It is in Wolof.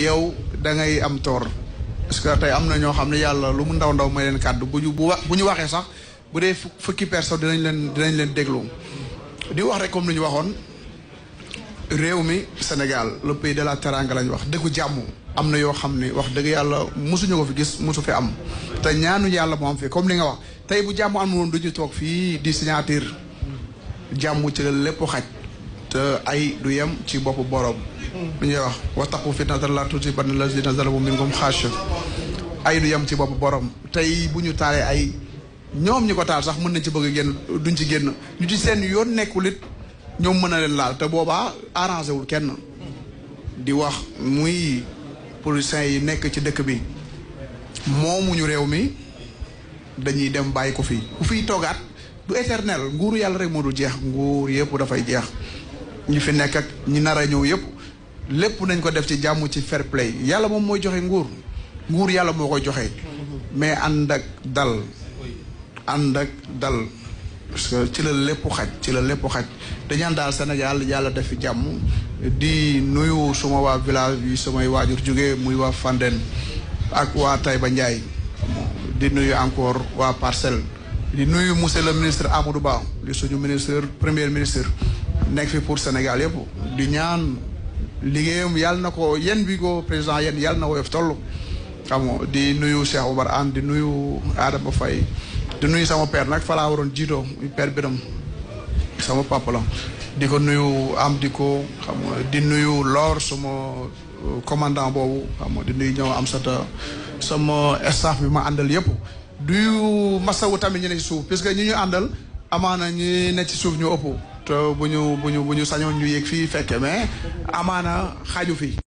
yow da ngay am toor parce que tey am na ñoo xam ne yàlla lu mu ndaw ndaw may leen kàddu bu ñu bu ñu waxee sax bu dee fukki personne dinañ leen dinañ leen déglu di wax rek comme lu ñu waxoon réew mi Sénégal le pays de la teranga lañ wax dëkku jàmm am na yoo xam ni wax dëgg yàlla mosuñu ko fi gis mosu fi am te ñaanu yàlla moom fi comme li nga wax tey bu jàmm am woon du ñu toog fii di siñaatir jàmm ci la lépp xaj te ay du yem ci boppu borom lu ñuy wax wattaqu fitnatan la tusibanna allazina zalamu minkum khash ay du yam ci bop borom tay buñu ñu ay ñom ñiko ko taal sax mën na ci bëgg gën duñ ci gën ñu ci seen yoon nekkul ñom mëna len laal té boba arrangé wul kenn di wax muy politiciens yi nekk ci dëkk bi ñu réew mi dañuy dem bay ko fi ku fi togat du éternel nguuru yalla rek mo du jeex nguur da fay jeex ñu fi nekk ak ñi nara ñew yépp lepp nañ ko def ci jamm ci fair play yalla mom moy joxe nguur nguur yalla moko joxe mais andak dal andak dal parce que ci la lepp xaj ci la lepp xaj dañ daal senegal yalla def ci jamm di nuyu suma wa village yi samay wajur jóge muy wa fanden ak waa di nuyu encore wa parcel di nuyu monsieur le ministre Amadou Ba di suñu ministre premier ministre nek fi pour senegal yepp di ñaan liggéeyam yàlla na ko yen bi président yen yàlla na woyof toll xam di nuyu Cheikh Oumar Anne di nuyu Adama Faye di nuyu sama per nag fa laa waroon jiitoo père Biram sama papa di ko nuyu am di ko di nuyu lor sama euh, commandant boobu xam di nuyu ñëw am sata sama staff bi ma àndal yëpp duyu masawu tamit ñu ne suuf parce que ñi ñu àndal amaana ñi ne ci suuf ñu ëpp te bu ñu bu ñu bu ñu sañoon ñu yéeg fii fekke mais amaana xaju fi